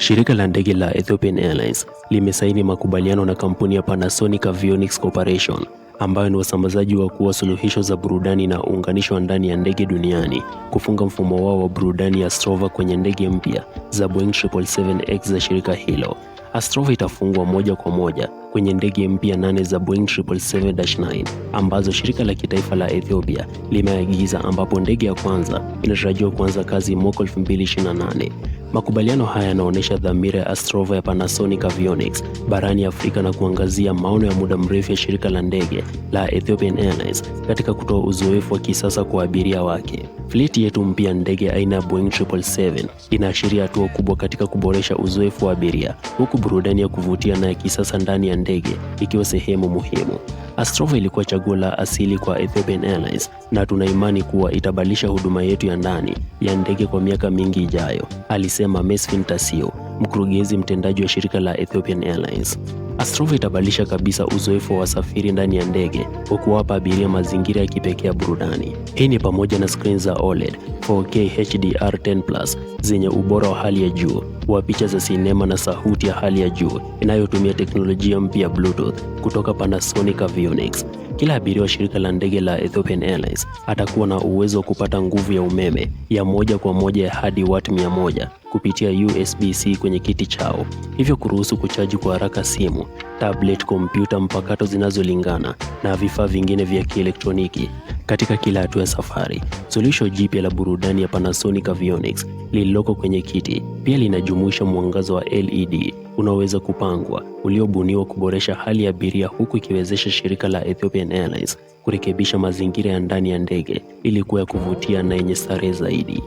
Shirika la ndege la Ethiopian Airlines limesaini makubaliano na kampuni ya Panasonic Avionics Corporation ambayo ni wasambazaji wakuu wa suluhisho za burudani na uunganisho ndani ya ndege duniani kufunga mfumo wao wa burudani ya Astrova kwenye ndege mpya za Boeing 777X za shirika hilo. Astrova itafungwa moja kwa moja kwenye ndege mpya nane za Boeing 777-9 ambazo shirika la kitaifa la Ethiopia limeagiza, ambapo ndege ya kwanza inatarajiwa kuanza kazi mwaka 2028. Makubaliano haya yanaonyesha dhamira ya Astrova ya Panasonic Avionics barani Afrika na kuangazia maono ya muda mrefu ya shirika la ndege la Ethiopian Airlines katika kutoa uzoefu wa kisasa kwa abiria wake. Fliti yetu mpya ndege aina ya Boeing 777 inaashiria hatua kubwa katika kuboresha uzoefu wa abiria, huku burudani ya kuvutia na ya kisasa ndani ya ndege ikiwa sehemu muhimu. Astrova ilikuwa chaguo la asili kwa Ethiopian Airlines na tuna imani kuwa itabadilisha huduma yetu ya ndani ya ndege kwa miaka mingi ijayo, alisema Mesfin Tasio, mkurugenzi mtendaji wa shirika la Ethiopian Airlines. Astrova itabadilisha kabisa uzoefu wa wasafiri ndani ya ndege kwa kuwapa abiria mazingira ya kipekee ya burudani. Hii ni pamoja na screen za OLED 4K HDR 10 zenye ubora wa hali ya juu wa picha za sinema na sauti ya hali ya juu inayotumia teknolojia mpya Bluetooth kutoka Panasonic Avionics. Kila abiria wa shirika la ndege la Ethiopian Airlines atakuwa na uwezo wa kupata nguvu ya umeme ya moja kwa moja hadi watu 100 kupitia USB-C kwenye kiti chao, hivyo kuruhusu kuchaji kwa haraka simu, tablet, kompyuta mpakato zinazolingana na vifaa vingine vya kielektroniki katika kila hatua ya safari. Suluhisho jipya la burudani ya Panasonic Avionics lililoko kwenye kiti pia linajumuisha mwangazo wa LED unaoweza kupangwa uliobuniwa kuboresha hali ya abiria, huku ikiwezesha shirika la Ethiopian Airlines kurekebisha mazingira ya ndani ya ndege ili kuwa ya kuvutia na yenye starehe zaidi.